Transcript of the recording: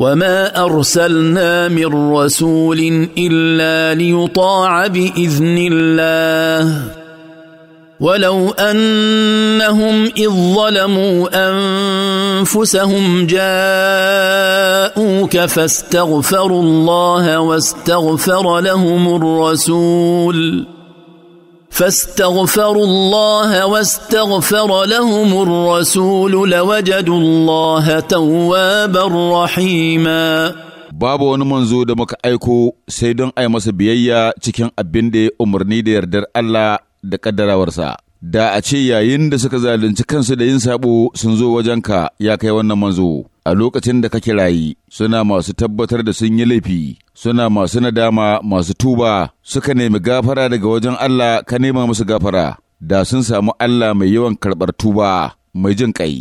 وما ارسلنا من رسول الا ليطاع باذن الله ولو انهم اذ ظلموا انفسهم جاءوك فاستغفروا الله واستغفر لهم الرسول فاستغفروا الله واستغفر لهم الرسول لوجدوا الله توابا رحيما babu wani manzo da muka aiko sai don ai masa biyayya cikin abin da ya umarni da yardar Allah da kaddarawarsa da a ce yayin da suka zalunci kansu da yin sabo sun zo wajenka ya kai wannan manzo a lokacin da kake rayi suna masu tabbatar da sun yi laifi suna masu nadama masu tuba suka nemi gafara daga wajen Allah ka nema musu gafara da sun samu Allah mai yawan karɓar tuba mai jin ƙai